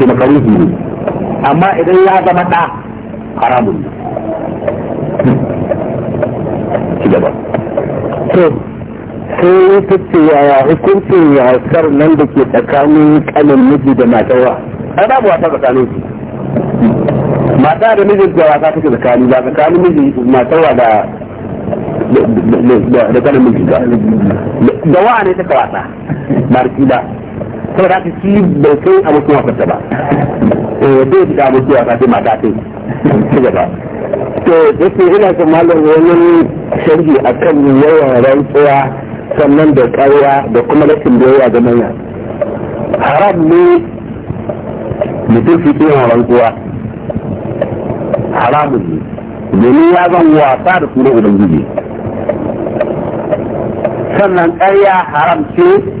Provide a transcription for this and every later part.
ce karihi ne amma idan ya zama ɗa haramun ci gaba to sai ya ce yaya hukuncin yasar nan da ke tsakanin kanin miji da matarwa ai babu wata tsakanin su mata da miji da wata take tsakani ba tsakanin miji matarwa da da kanin miji ba da wa ne take wasa da saboda ta ci bai kai abokin wasansa ba eh bai fita abokin wasa sai mata kai ci gaba to yake ina son malam wani sharhi akan yawan rantsuwa sannan da ƙarya da kuma da biyayya ga manya haram ne mutum fi kiran rantsuwa haramun ne domin ya zan wasa da sunan ubangiji sannan ƙarya haram ce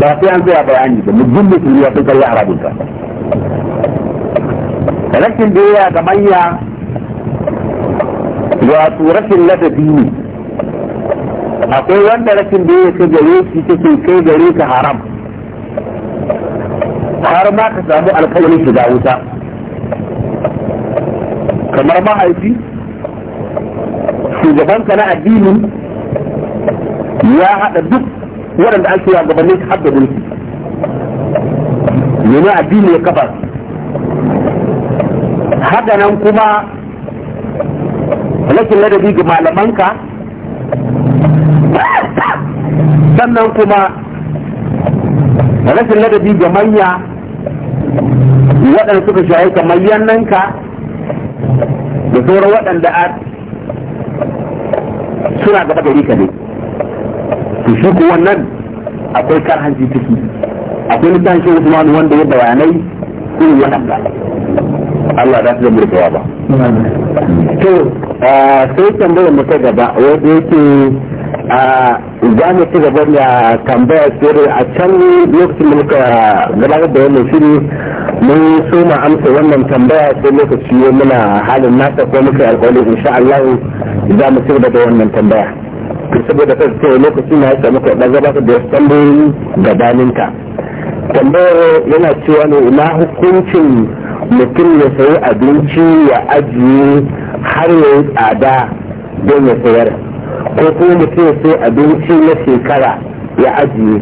ba sai an tsaya bayani ba mu su mutum ya sun karya arabin ka rashin biyayya ga manya wato rashin ladabi ne akwai wanda rashin biyayya ka gare shi take kai gare ka haram har ma ka samu alkawarin shiga wuta kamar mahaifi shugabanka na addini ya haɗa duk waɗanda ake yi a gabanin shi hadda mulki nemi addini ya kafa haka nan kuma rashin ladabi ga malamanka sannan kuma rashin ladabi ga manya waɗanda suka shaye kamar yannanka da sauran waɗanda suna gaba gari ka ne to shi ko wannan akwai karhanci ciki akwai littafin shi Usman wanda ya bayanai irin wannan Allah za su zama ba. To, sai tambaya mu ta gaba wanda yake za mu ci gaba da tambaya sirri a can lokacin da muka gabatar da wannan shiri mun so mu amsa wannan tambaya sai lokaci ya muna halin nasa ko muka alƙawari insha Allah za mu ci gaba da wannan tambaya. to saboda kan cewa lokacin na ya samu karɓar gabatar da wasu tambayoyi gabaninka tambayar yana cewa ne ina hukuncin mutum ya sayi abinci ya ajiye har ya yi tsada don ya sayar ko kuma mutum ya sayi abinci na shekara ya ajiye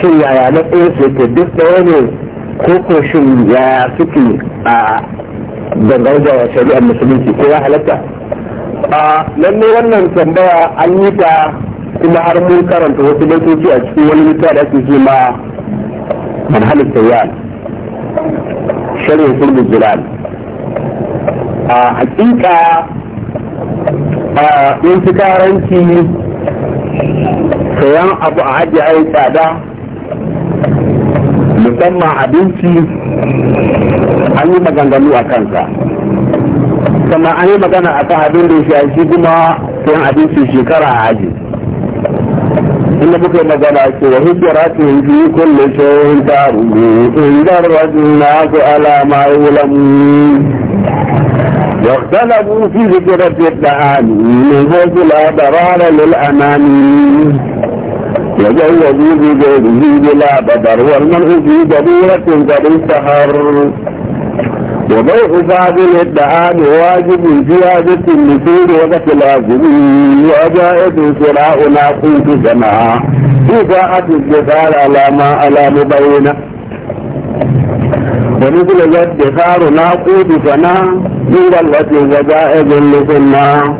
shin yaya na tsaye su yake duk ɗaya ne ko ko shin yaya suke a dangane da shari'ar musulunci ko ya halatta a lalle wannan tambaya an yi ta kuma har mun karanta wasu lokaci a cikin wani mutu da ake ce ma manhajar tayyan shirin sulbin jiran a hakika a yin karanci sayan abu a hajji a tsada musamman abinci an yi maganganu a kansa sannan an yi magana a kan abin da ya shafi kuma sayan abinci shekara a aji inda muka yi magana ce wa hijira ta yanzu kulle shayin taru in zarrajin na ku alama yulamu واختلفوا في ذكرة الدعام من فوق الأبرار للأمام وجوزوا بغيره بلا بدر والمنع في جبيرة قد انتهر وبيع فاضل الدعام واجب زيادة النسور وقت العظم وجائز شراؤنا كنت جماعة إذاعة الدفاع على ما على مبينة ومثل ذا الدفاع ناقود فنا من التي وجائز لسنا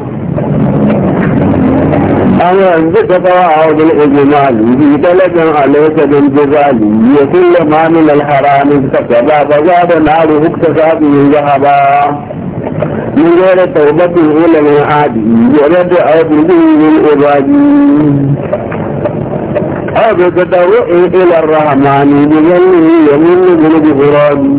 أنا أنزك فواه بالإجمال جيت لك عليك بالجزال يكل ما من الحرام اكتسبا فزاد ناره اكتسابه ذهبا من غير توبة إلى العاد يرد أو من العباد أو بتضرع إلى الرحمن بظنه يمن ذنب غرابي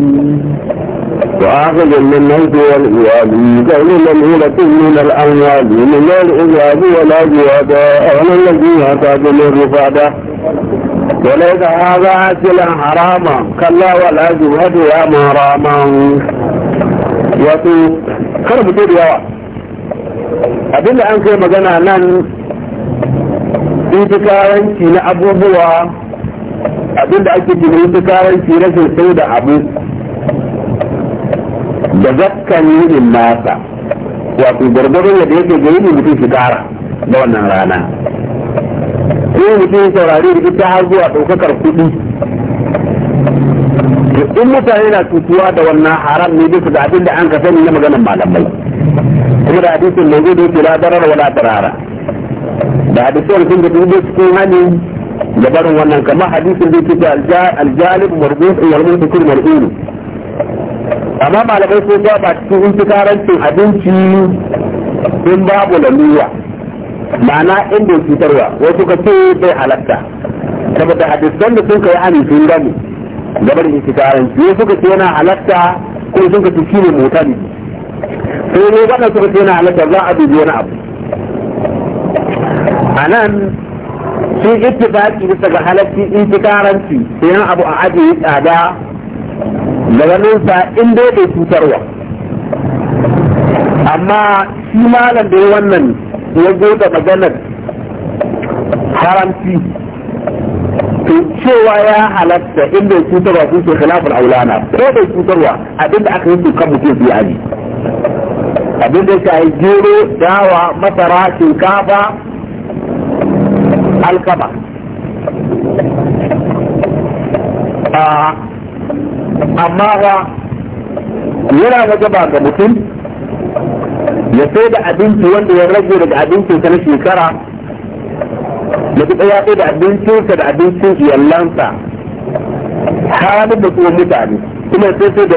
وآخذ من الموت والإياب كون ممهولة من الأموال من غير إياب ولا جواد أولا الذين أتاك من رفادة وليس هذا أكلا حراما كلا ولا جواد يا مراما wato kar mu da yawa abinda an kai magana nan intikaranci na abubuwa abinda ake jini intikaranci rashin sai da zakkan yin nasa wato gwargwadon yadda yake ga yin mutum shi kara da wannan rana in mutum saurari da ita har zuwa ɗaukakar kuɗi in mutane na tutuwa da wannan haram ne bisa da abin da an ka sani na maganar malamai kuma da hadisin da zai doke la darar wala tarara da hadisin sun ga dubu cikin hali da barin wannan kamar hadisin da yake da aljalib marbut wal mutakil mar'un amma malamai sun ba cikin karancin abinci in babu lalura ma'ana inda cutarwa wai ka ce bai halatta saboda hadisan da sun kai yi sun gani gabar karanci wai suka ce yana halatta ko sun ka ce shi ne ne sai ne gana suka ce yana halatta za a dubi wani abu a nan sun ittifaki bisa ga halatti karanci sai abu a ajiye tsada da ganinsa in dai bai cutarwa amma shi malam da wannan ya da maganar haramci to cewa ya halatta in bai cutarwa sun ce khilafin aulana ko bai cutarwa abinda aka yi kan mutum biya ne abinda ya yi gero dawa masara shinkafa alkaba ah, amma ba yana gaba ga mutum ya sai da abinci wanda ya rage daga abincinsa na shekara da ya sai da abincinsa da abincin iyalansa halin da kuma mutane kuma sai sai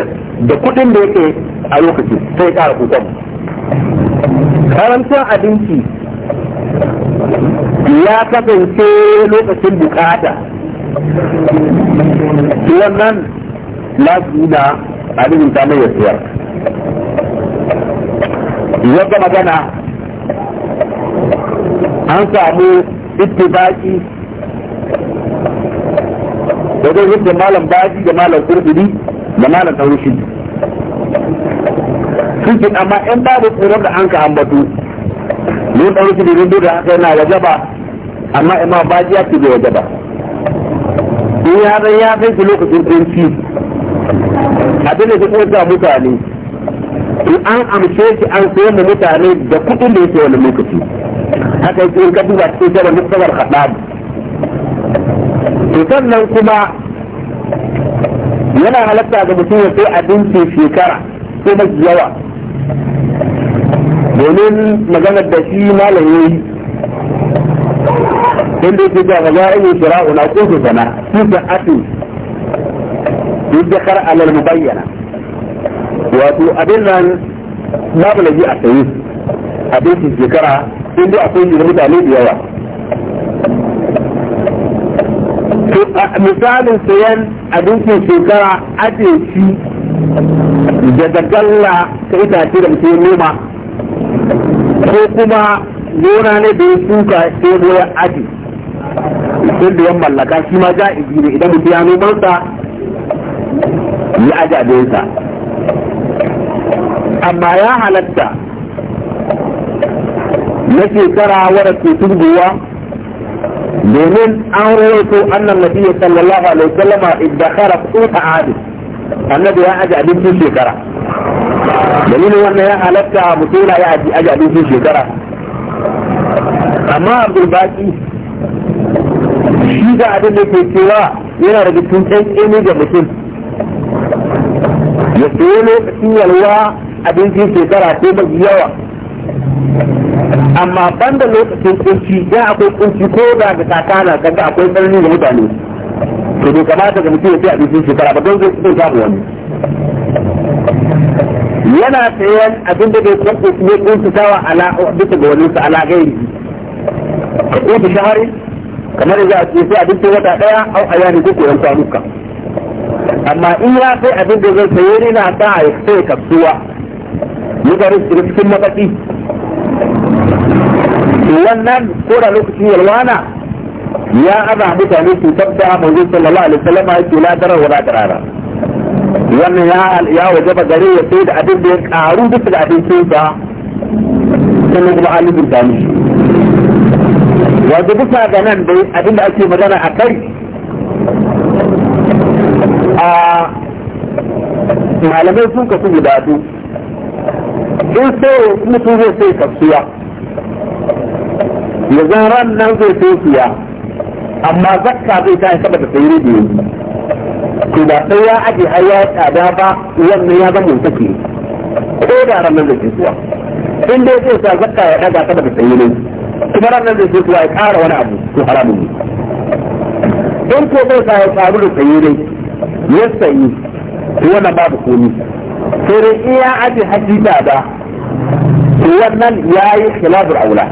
da kuɗin da yake a lokacin sai kara kusan karantar abinci ya kasance lokacin bukata wannan lasu da abin ta mai yasiyar yadda magana an samu ittifaki wajen yadda malam baji da malam kurkuri da malam taurushi sun amma in babu tsoron da an ka ambatu ne taurushi da rindu da haka yana wajaba amma imam baji ya ce bai wajaba in ya zai ya kai su lokacin kunci abin da duk wata mutane in an amshe shi an sayar da mutane da kudin da yake wani lokaci haka yake in ka duba cikin shara mustawar haɗari to sannan kuma yana halatta ga mutum ya sai abinci shekara ko mafi yawa domin maganar da shi malaye yi inda yake ga ga ya yi shira'una ko su sana su sa'atu يدخر alal mubayyana wato abin nan babu na ji a sayi abin su shekara sun dai akwai shi da mutane da yawa misalin sayan abincin shekara aje shi daga galla ta itace da mutum noma ko kuma gona ne da ya shuka sai ya aji tun da yan mallaka shi ma ja'izi ne idan mutum ya nomansa yi ajabinsa amma ya halatta na shekara wadda ke tunguwa domin an rawaito annan nabiya sallallahu alaihi wasallam iddakhara quta adi annabi ya aje abincin shekara dalilin wannan ya halatta mutuna ya aje abincin shekara amma abdul baki shi da abin da ke cewa yana da cikin ɗan ga mutum ya sayo lokacin yalwa abincin shekara ko mafi yawa amma ban da lokacin kunci ya akwai kunci ko da ga kakana kaga akwai tsanani ga mutane to bai kamata ga mutum ya sai abincin shekara ba don zai zai samu wani yana sayan abin da bai kwanko ya kunci sawa ala bisa ga wani ala gairi ko da shahari kamar da za a ce sai abincin wata daya au ayani ko koyon kwanuka amma in ya sai abin da zai saye ne na sa a sai kasuwa ya yi garin cikin mabaki wannan ko da lokacin yalwana ya aza mutane su a manzo sallallahu alaihi wasallam ya ce ladarar wa ladarara wannan ya waje ba gare ya sai da abin da ya karu duk da abin sai ba sannan kuma alibin da mishi wanda bisa ga nan dai abin da ake magana a kai a malamai sun kasu guda biyu in sai mutum zai sai kasuwa ya zan ran nan zai sai siya amma zakka zai ta saboda sai yanzu. Ku ba sai ya aje har ya tsada ba wannan ya zama mutaki ko da ran nan zai sai suwa in dai zai sa zakka ya daga saboda sai rubi kuma ran nan zai sai suwa ya kara wani abu ko haramun ne in ko zai sa ya faru da sai rubi ya sayi wannan babu komi sai dai in ya aje hakika ba wannan ya yi khilafin aula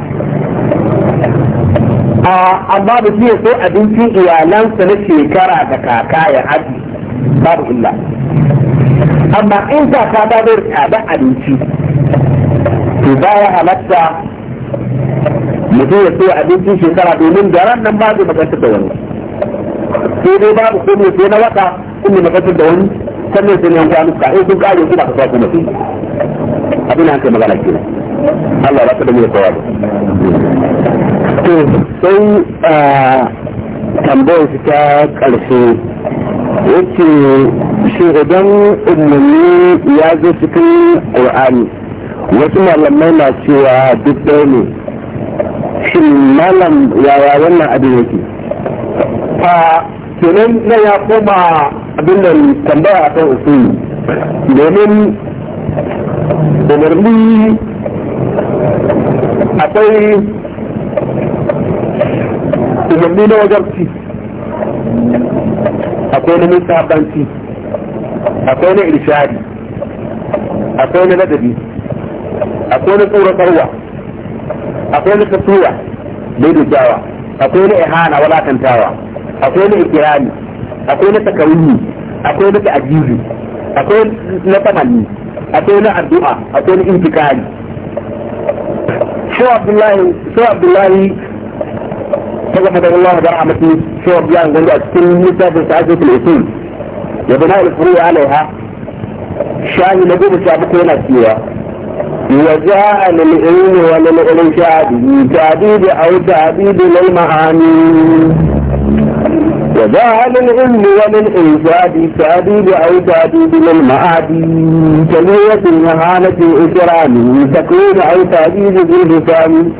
amma da shi sai abincin iyalansa na shekara da kaka ya aji babu illa amma in kaka ba zai tsada abinci to ba ya halatta mutum ya so abincin shekara domin da ran nan ba zai magantar da wani sai dai babu komi sai na wata kun na kasar da wani sannan a nuska in sun kare su ka kuma abin kai magana ke Allah ba ta da mu da to sai tambayar su ta ƙarshe yake umarni ya zo cikin ƙur'ani wasu malamai na cewa duk ɗaya ne shin malam yaya wannan abin yake a kenan na ya koma abin nan tambaya a kan usuli domin umarni akwai umarni na wajarci akwai na musabanci akwai na irshadi akwai na ladabi akwai na tsoratarwa akwai na tafiya daidaitawa akwai na ihana walakantawa akwai na ikirani akwai na takaruni akwai na ta'ajiri akwai na tamanni akwai na addu'a akwai na intikari shehu abdullahi ta zama da Allah da rahmatu shehu abdullahi gundu a cikin littafin sa'adatul usul ya bana al-furu alaiha shahi na goma sha bakwai yana cewa wa wa وجاء للعلم وللإرشاد تعديد أو تعديد للمعاني وجاء للعلم وللإنساد تعديد أو تعديد للمعادي جميع وهانة الإكرام تكوين أو تعديد بالهتام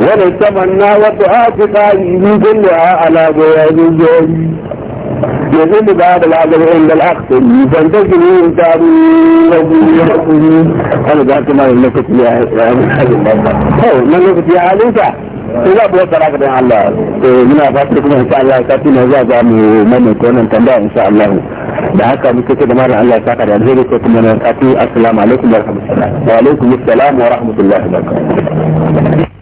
ونتمنى وتعاتق هذه كلها على غير الزوج يزل باب العدل عند العقد فانتجم من تعبير أنا ذاك ما يملكت يا أبو الحبيب ما يملكت يا عليك sai za a buwar tsara Allah eh, muna fata kuma insha Allah sati za mu maimaita wannan tambaya insha Allah da haka muke ce da malam Allah ya saka da alheri ko kuma na sati assalamu alaikum wa rahmatullahi wa alaikum assalam wa rahmatullahi wa barakatuh